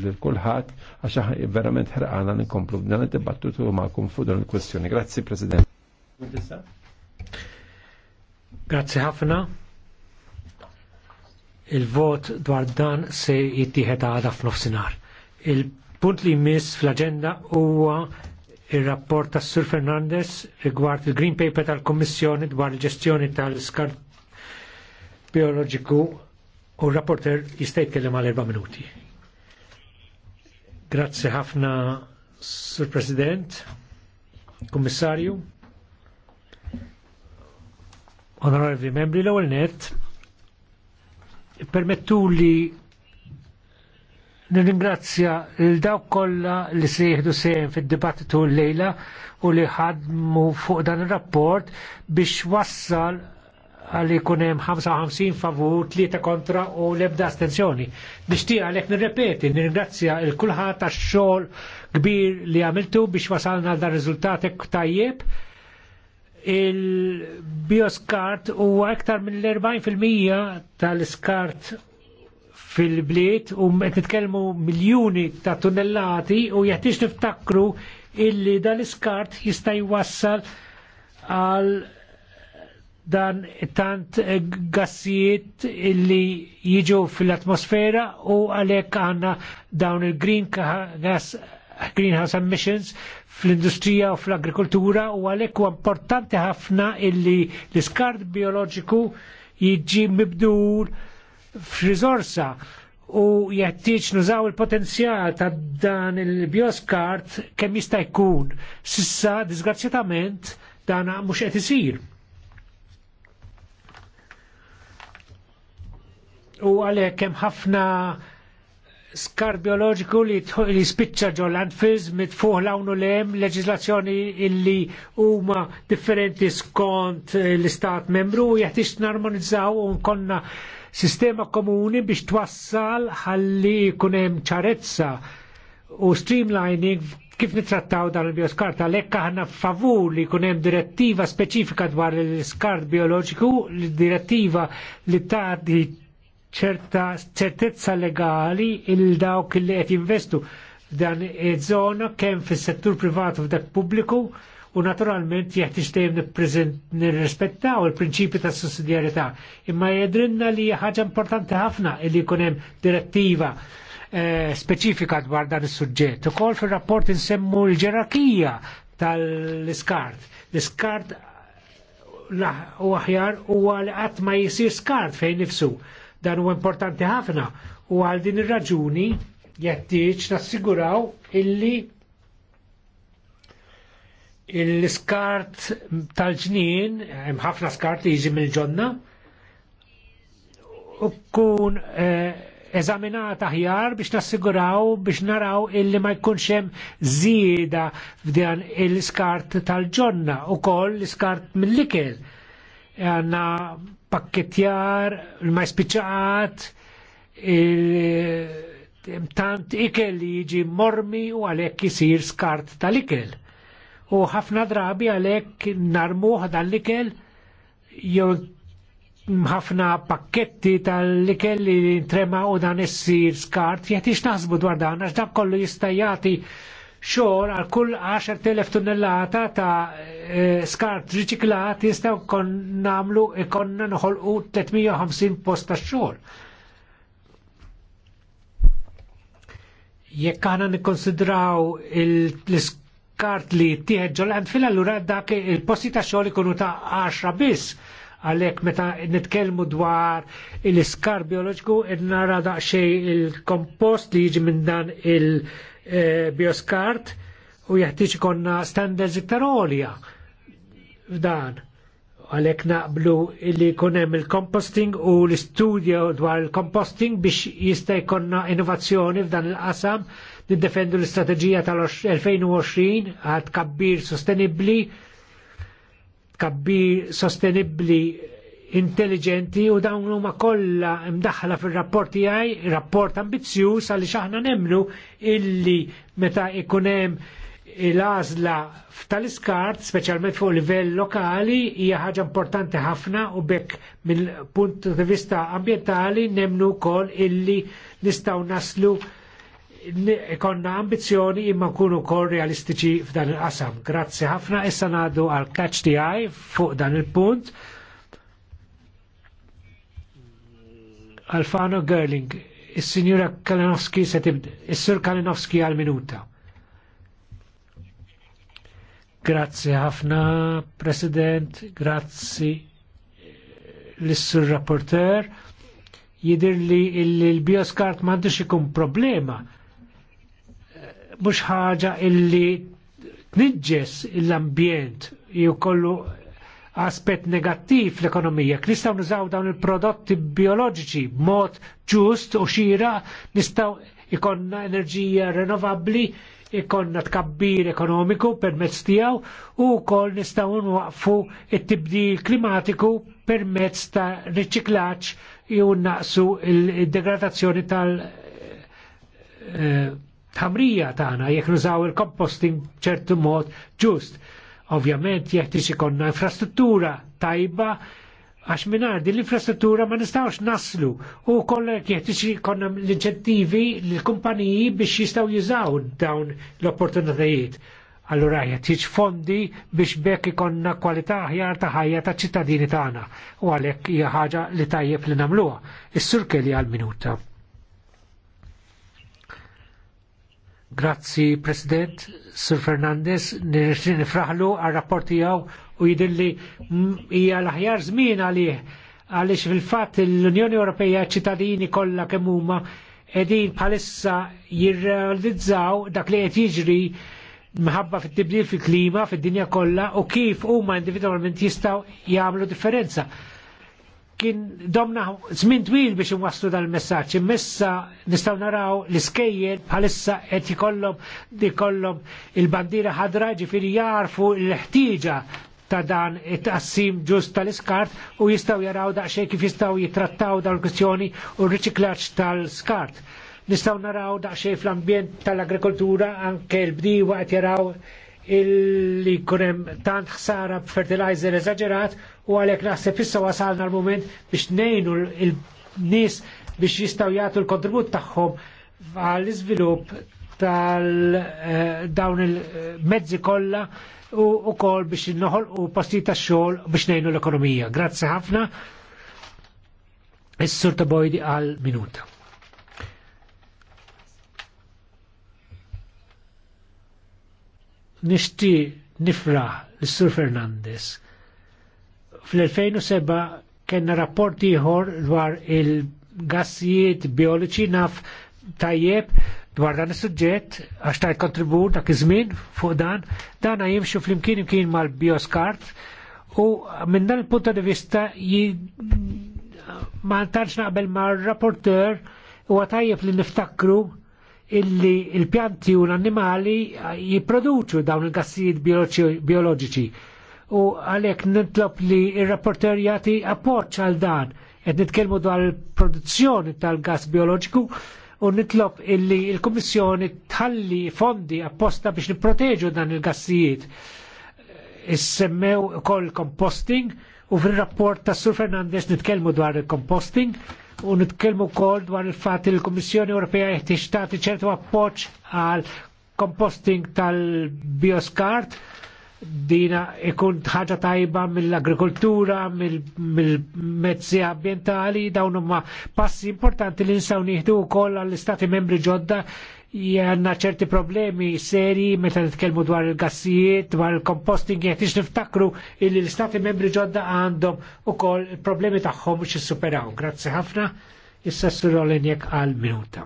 l-kulħat għax verament ħraqana nkomplu dan id-dibattitu ma' fuq dan il-kwestjoni. Grazzi President. Grazzi ħafna. Il-vot dwar dan se jittieħed għada f'nofsinhar. Il-punt li jmiss fl-aġenda huwa il rapport ta' Sur Fernandez rigward il-Green Paper tal-Kommissjoni dwar il-ġestjoni tal-skart biologiku u r-rapporter jista' jitkellem għal erba' minuti. Grazzi ħafna, Sur President, Kommissarju, Onorevoli Membri l-ewwel net, permettu li nirringrazzja l dawk kollha li se jieħdu sejn fid-dibattitu l-lejla u li ħadmu fuq dan ir-rapport biex wassal għalli kunem 55 favur, 3 kontra u lebda astenzjoni. Nishtiq għalek nirrepeti, nirringrazzja il-kulħat għax xol kbir li għamiltu biex wasalna għal dan rizultatek tajjeb. Il-bioskart huwa iktar minn l-40% tal-skart fil-bliet u um qed miljuni ta' tunnellati u jeħtiex niftakru illi dal-skart jistaj jista' jwassal għal dan tant gassijiet illi jiġu fil-atmosfera u għalhekk għandna dawn il-green gas greenhouse emissions fl-industrija u fl-agrikoltura u għalhekk huwa importanti ħafna illi l-iskart bioloġiku jiġi mibdur f'riżorsa u jeħtieġ nużaw il-potenzjal ta' dan il-bioskart kemm jista' jkun. Sissa, disgrazzjatament, dan mhux qed isir. u għalhekk kem ħafna skar biologiku li spiċċa ġol landfills fuħ lawnu lem leġizlazzjoni illi huma differenti skont eh, l-istat membru u jeħtiex narmonizzaw u nkonna sistema komuni biex twassal ħalli kunem ċarezza u streamlining kif nitrattaw dan il-bioskart għalhekk aħna favur li kunem hemm direttiva speċifika dwar l biologiku, l direttiva li tagħti ċerta ċertezza legali il dawk li qed jinvestu f'dan iż-żona kemm fis-settur privatu f'dak pubbliku u naturalment jeħtieġ dejjem nirrispettaw il-prinċipju ta' sussidjarjetà. Imma jedrinna li ħaġa importanti ħafna li jkun hemm direttiva eh, speċifika dwar dan is-suġġett. Ukoll fir-rapport insemmu l-ġerarkija tal-iskart. L-iskart u aħjar huwa li qatt ma jisir skart fejn nifsu. Dan huwa importanti ħafna u għal din ir-raġuni jettieġ nassiguraw illi l-iskart tal-ġnien, hemm ħafna skart li mill-ġonna, u kun eh, eżaminata ħjar biex nassiguraw biex naraw illi ma jkunx hemm żieda f'dan il iskart tal-ġonna u koll l-iskart mill-ikel għanna pakketjar, ma spiċaħat, tant ikel li jiġi mormi u għalek jisir skart tal-ikel. U ħafna drabi għalek narmuħ dal-ikel jew ħafna pakketti tal-ikel li trema u dan jisir skart, jgħatix naħsbu dwar dan, għax dak kollu jistajati xor għal kull 10.000 tonnellata ta' eh, skart riċiklat jistaw kon namlu ikonna eh, nħolqu 350 posta xor. Jekk għana nikkonsidraw l skart li tieħed ġol fil allura dak il-posti ta' xogħol ikunu ta' 10 biss għalek meta nitkelmu dwar il-iskar bioloġiku id-nara daqxej il-kompost li jiġi minn dan il- E, bioskart u jeħtieġ konna standards iktar għolja f'dan. Għalek naqblu li kunem il-composting u l istudio dwar il-composting biex jista' jkonna innovazzjoni f'dan il-qasam niddefendu l istrategija tal-2020 għad kabbir sostenibli kabbir sostenibli intelligenti u dawn huma kollha mdaħħla fir-rapport tiegħi, rapport ambizzjuż għaliex aħna nemmnu illi meta ikun hemm il-għażla ftal iskart speċjalment fuq livell lokali, hija ħaġa importanti ħafna u bekk mill-punt di vista ambientali nemnu wkoll illi nistgħu naslu konna ambizjoni imma nkunu kol realistiċi f'dan il-qasam. Grazzi ħafna, issa ngħadu għal catch tiegħi fuq dan il-punt. Alfano Gerling, il-Sinjura Kalinowski se tibda, il-Sur Kalinowski għal-minuta. Grazzi ħafna, President, grazie eh, l-Sur Rapporteur. Jidir li il bioskart mandux ikun problema. Eh, mux ħaġa illi tniġġes l-ambjent jew kollu aspett negattiv l-ekonomija. Nistgħu nużaw dawn il-prodotti bioloġiċi b'mod ġust u xira, nistgħu ikonna enerġija renovabbli, ikonna tkabbir ekonomiku permezz tiegħu u kol nistgħu nwaqfu t tibdil klimatiku permezz ta' riċiklaġġ u naqsu il-degradazzjoni tal- eh, ħamrija tagħna jekk nużaw il-composting b'ċertu mod ġust. Ovvjament jeħtieġ ikonna infrastruttura tajba għax minar din l-infrastruttura ma nistawx naslu u kollek jeħtieġ konna l-inċentivi l-kumpaniji biex jistaw jużaw dawn l-opportunitajiet. Allura jeħtieġ fondi biex bekk ikonna kwalità aħjar ta' ħajja ta' ċittadini tagħna u għalhekk hija ħaġa li tajjeb li nagħmluha. Is-sur kelli għal-minuta. Grazzi, President. Sir Fernandez, nirriġin fraħlu għal rapporti għaw u jidilli mm, hija l-aħjar żmien għalih għaliex fil-fatt l-Unjoni Ewropea ċittadini kollha kemm huma qegħdin bħalissa jirrealizzaw dak li qed jiġri mħabba fit-tibdil fil-klima fid-dinja kollha u kif huma individwalment jistgħu jagħmlu differenza kien domna żmien twil biex inwasslu dal-messaġġ. Imissa nistgħu naraw l iskejjer bħalissa qed ikollhom ikollhom il-bandira ħadra ġifieri jarfu l-ħtieġa ta' dan it-tassim ġust tal-iskart u jistgħu jaraw daqsxejn kif jistgħu jitrattaw dawn il-kwistjoni u r-riċiklaġġ tal-skart. Nistgħu naraw daqsxejn fl-ambjent tal-agrikoltura anke l-bdiewa qed jaraw illi kunem tant ħsara fertilizer eżagġerat u għalek naħseb issa wasalna l-moment biex nejnu l-nis biex jistaw jgħatu l-kontribut tagħhom għall-iżvilupp tal-dawn eh, il-mezzi kollha u kol biex noħol u posti ta' xogħol biex nejnu l-ekonomija. Grazzi ħafna. Is-Sur Bojdi għal minuta. nishti nifra l-Sur Fernandez. Fl-2007 kena rapport ieħor dwar il-gassijiet bioloċi naf tajjeb dwar dan il-sujġet, għax tajt kontribut dak iż-żmien fuq dan, dan jimxu flimkien imkien mal-bioskart u minn dan il punta di vista ma naqbel ma' rapporteur u għatajjeb li niftakru illi il-pjanti u l-annimali eh, jiproduċu dawn il-gassijiet bioloġiċi. U għalek nitlob li il-rapporter jati appoċ għal dan, et nitkelmu dwar il-produzzjoni tal-gas bioloġiku u nitlob illi il-Kommissjoni tħalli fondi apposta biex niproteġu dan il-gassijiet. Is-semmew kol composting u fil-rapport ta' Sur Fernandez nitkelmu dwar il-composting u nitkellmu wkoll dwar il-fatt li l-Kummissjoni Ewropea jeħtieġ tagħti ċertu appoġġ għal composting tal-bioskart dina ikun ħaġa tajba mill-agrikoltura, mill-mezzi ambientali, dawn huma passi importanti li nsaw nieħdu wkoll għall-istati membri ġodda għanna ċerti problemi seri meta nitkellmu dwar il-gassijiet, dwar il-composting, jgħet ix niftakru illi l-istati membri ġodda għandhom u kol il-problemi taħħom biex jissuperaw. Grazzi ħafna, jissessur Olenjek għal minuta.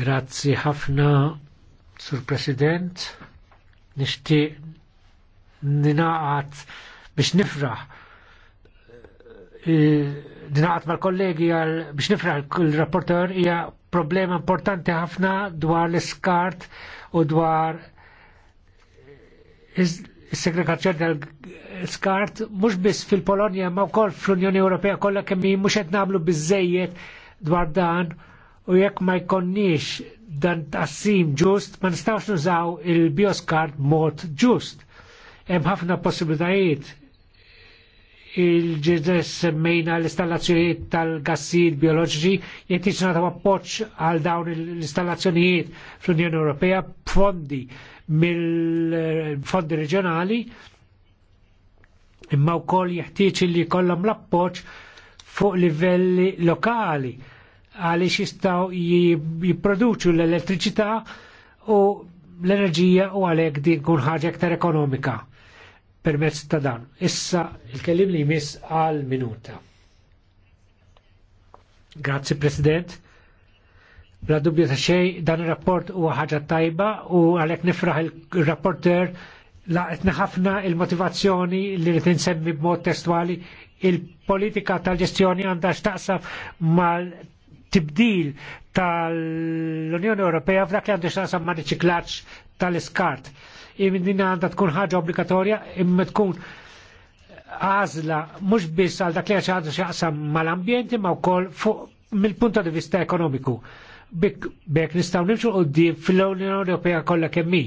Grazzi ħafna, Sur President, nishti ninaqat biex nifraħ eh, dinaqat mal-kollegi għal biex nifra l-rapporter hija problema importanti ħafna dwar l-iskart u dwar il segregazzjoni tal-skart mhux biss fil-Polonja ma wkoll fl-Unjoni Ewropea kollha kemm mhux qed nagħmlu biżejjed dwar dan u jekk ma jkonniex dan tassim ġust ma nistgħux nużaw il-bioskart mod ġust. Hemm ħafna possibilitajiet il-ġides semmejna l-installazzjonijiet tal-gassijiet bioloġiċi jgħid nagħtu appoġġ għal dawn l-installazzjonijiet fl-Unjoni Ewropea b'fondi mill-fondi reġjonali imma wkoll jeħtieġ li jkollhom l-appoġġ fuq livelli lokali għaliex jistgħu jipproduċu l-elettriċità u l-enerġija u għalhekk din kun ħaġa aktar ekonomika permezz ta' dan. Issa il-kellim li jmiss għal minuta. Grazzi President. Bla dubju ta' xej, dan il-rapport huwa ħaġa tajba u għalhekk nifraħ il-rapporter laqetna ħafna il-motivazzjoni li rrid insemmi b'mod testwali il-politika tal-ġestjoni għandha xtaqsaf mal tibdil tal-Unjoni Ewropea f'dak li għandu xnaqsam ma' riċiklaġġ tal-iskart. Din għanda tkun ħagġa obbligatorja imma tkun għazla mux biss għal dak li għandu xaqsam mal ambjenti ma' wkoll fuq mill-punta di vista ekonomiku. Bek nistaw nimxu u di fil-Unjoni Ewropea kolla kemmi.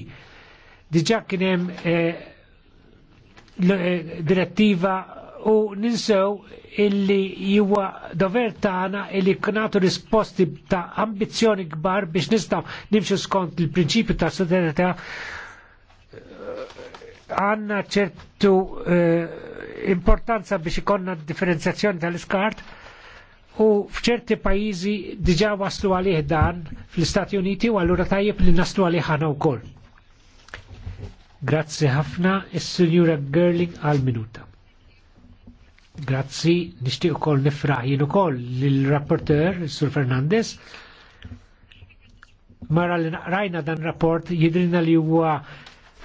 Diġak kienem kien eh, eh, direttiva u ninsew illi jiwa dover tagħna illi nagħtu risposti ta' ambizzjoni kbar biex nistgħu nimxu skont il-prinċipju ta' solidarità għanna ċertu uh, importanza biex ikonna differenzjazzjoni tal-iskart u fċerti pajizi diġa waslu għalih dan fl-Istati Uniti u għallura tajjeb li naslu għalih ħana u koll. Grazzi ħafna, il-Sinjura Gerling għal-minuta. Grazzi, nishtiq ukoll nifraħ jien ukoll lill-rapporteur Sur Fernandez. Mara li rajna dan rapport jidrina li huwa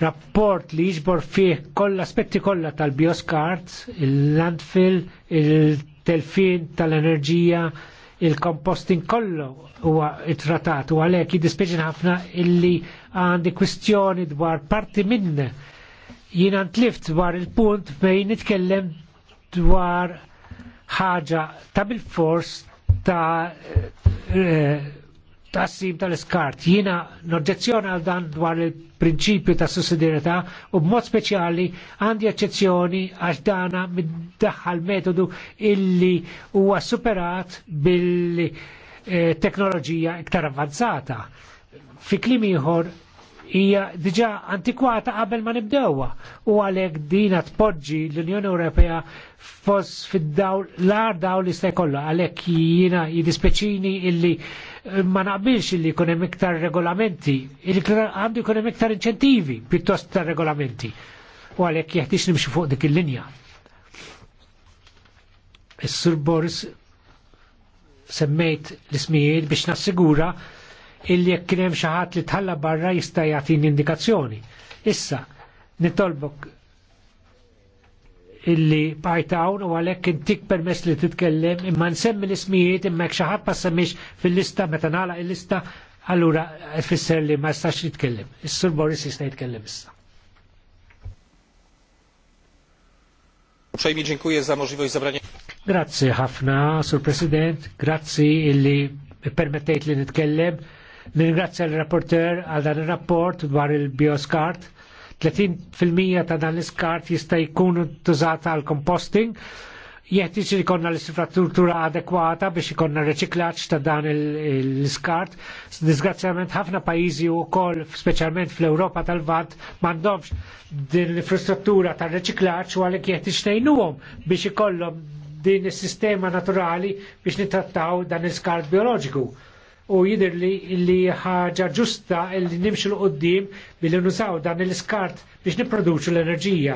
rapport li jiġbor fih koll aspetti kollha tal-bioskarts, il-landfill, il-telfin tal-enerġija, il-composting kollu huwa it-tratat u għalhekk jiddispeċin ħafna illi għandi kwistjoni dwar parti minn jiena ntlift dwar il-punt fejn nitkellem dwar ħaġa ta' bil-fors ta' eh, ta' sim tal-iskart. Jina noġġezzjoni għal dan dwar il-prinċipju ta' sussidirita u b'mod speċjali għandi eċċezzjoni għax dana mid-daħħal metodu illi huwa superat bil-teknoloġija eh, iktar avvanzata. Fi klim hija diġà antikwata qabel ma nibdewwa. u għalhekk dina tpoġġi l-Unjoni Ewropea fos fid-dawl l-ar dawl li se kollha għalhekk jiena jidispeċini illi eh, ma naqbilx illi jkun hemm iktar regolamenti, għandu jkun hemm iktar inċentivi pjuttost tar regolamenti u għalhekk jeħtieġ nimxi fuq dik il-linja. Is-Sur Boris semmejt l-ismijiet biex nassigura illi jekk kien hemm xi ħadd li tħalla barra jista' jagħtini indikazzjoni. Issa, nitolbok illi bajt hawn u għalhekk intik permess li titkellem imma nsemmi l-ismijiet imma jekk xi ħadd ma semmix fil-lista meta nagħlaq il-lista allura fisser li ma jistax jitkellem. Is-Sur Boris jista' jitkellem issa. Uprzejmie dziękuję za możliwość zabrania. Grazie ħafna, Sur President, grazzi illi permettejt li nitkellem. Ningrazzja l-rapporter għal dan il-rapport dwar il-bioskart. 30% ta' dan l-iskart jista' jkun tużata għal composting. Jeħtieġ li konna l-infrastruttura adekwata biex ikonna reċiklaċ ta' dan l-iskart. Disgrazzjament ħafna pajjiżi wkoll speċjalment fl-Ewropa tal vat m'għandhomx din l-infrastruttura ta' reċiklaċ u għalhekk jeħtieġ tgħinuhom biex ikollhom din is-sistema naturali biex nittrattaw dan il iskart bioloġiku u jidir li li ħaġa ġusta li nimxu l-qoddim billi nużaw dan l-iskart biex niproduċu l-enerġija.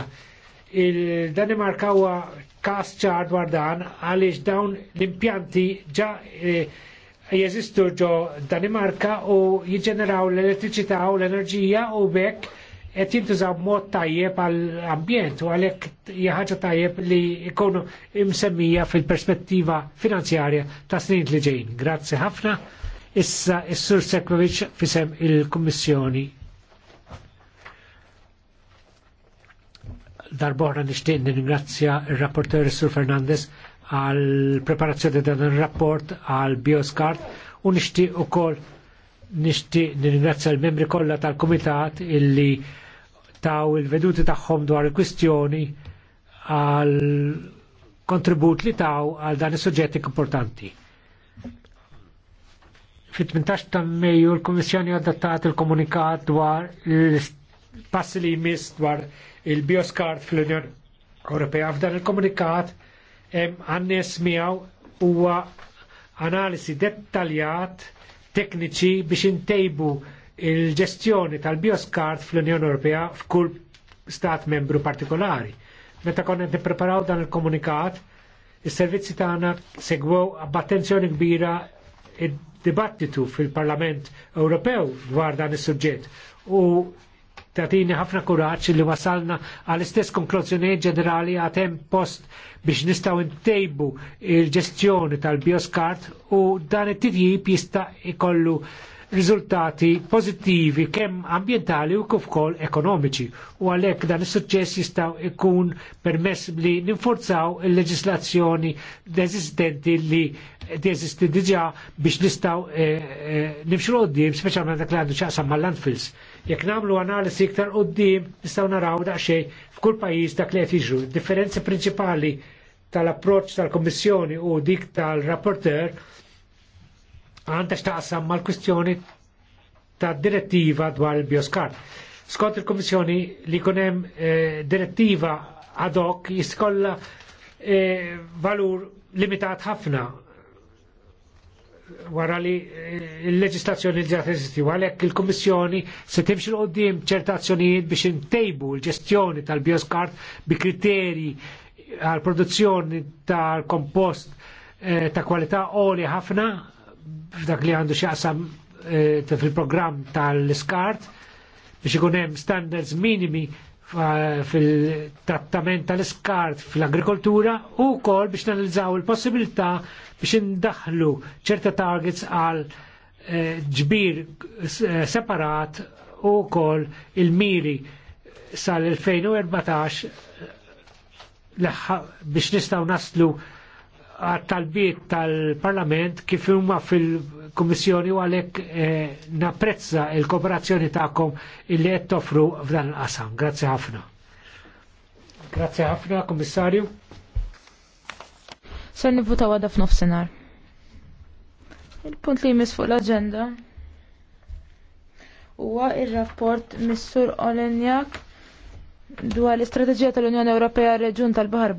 Il-Danimarka huwa kas ċar dwar dan għaliex dawn l-impjanti ġa eh, jeżistu ġo Danimarka u jiġġeneraw l-elettriċità u l-enerġija u bekk qed jintużaw mod tajjeb għall-ambjent u għalhekk hija ħaġa tajjeb li jkunu imsemmija fil-perspettiva finanzjarja ta' snin li ġejjin. Grazzi ħafna. Issa is-Sur Sekovic fisem il-Kummissjoni. Darbohra nixtieq nirringrazzja ir-rapporter Sur Fernandez għal preparazzjoni dan rapport għal bioscard u nixtieq ukoll nixtieq nirringrazzja l-membri kollha tal-Kumitat illi taw il-veduti tagħhom dwar il-kwistjoni għal kontribut li taw għal dan is-suġġetti importanti. Fit-18 ta' Mejju l-Komissjoni adattat il-komunikat dwar il-passi li jmiss dwar il-bioskart fl-Unjoni Ewropea. F'dan il-komunikat għannis miegħu huwa analisi dettaljat tekniċi biex intejbu il-ġestjoni tal-bioskart fl-Unjoni Ewropea f'kull stat membru partikolari. Meta konna nippreparaw dan il-komunikat, is-servizzi tagħna segwew b'attenzjoni kbira id-dibattitu fil-Parlament Ewropew dwar dan is-suġġett u tatini ħafna kuraċ li wasalna għall-istess konklużjoni ġenerali għatem post biex nistaw intejbu il-ġestjoni tal-bioskart u dan it-tirjib jista' ikollu riżultati pozittivi kemm ambjentali u kif ukoll ekonomiċi. U għalhekk dan is-suċċess jistgħu jkun permess li ninforzaw il-leġislazzjoni deżistenti li deżisti diġà biex nistgħu eh, eh, nimxu qudiem speċjalment dak li għandu x'aqsam mal-landfills. Jekk nagħmlu analisi iktar qudiem nistgħu naraw daqsxejn f'kull pajjiż dak li qed jiġru. Differenzi prinċipali tal-approċċ tal-Kommissjoni u dik tal-rapporter għandha x'taqsam mal-kwistjoni ta' direttiva dwar il-bioskart. Skont il-Komissjoni li kunem eh, direttiva ad hoc jiskolla eh, valur limitat ħafna wara li eh, il-leġislazzjoni li ġat eżisti, għalhekk il-Kummissjoni se timxi l qoddim ċerta azzjonijiet biex intejbu l-ġestjoni tal-bioskart bi kriteri għal produzzjoni tal-kompost eh, ta' kwalità għoli ħafna f'dak li għandu xaqsam e, fil-programm tal-skart biex ikun hemm standards minimi fil-trattament tal skart fil-agrikoltura u kol biex nanalizzaw il-possibilità biex indaħlu ċerta targets għal e, ġbir e, separat u kol il-miri sal-2014 biex nistaw naslu għat-talbiet tal-Parlament kif huma fil-Kummissjoni u għalhekk eh, napprezza il-kooperazzjoni tagħkom illi qed toffru f'dan il-qasam. Grazzi ħafna. Grazzi ħafna, Kummissarju. Ser nivvuta għadha f'nofsinhar. Il-punt li jmiss fuq l-aġenda huwa ir-rapport Missur Olenjak dwar l-istrateġija tal-Unjoni Ewropea reġjun tal-Baħar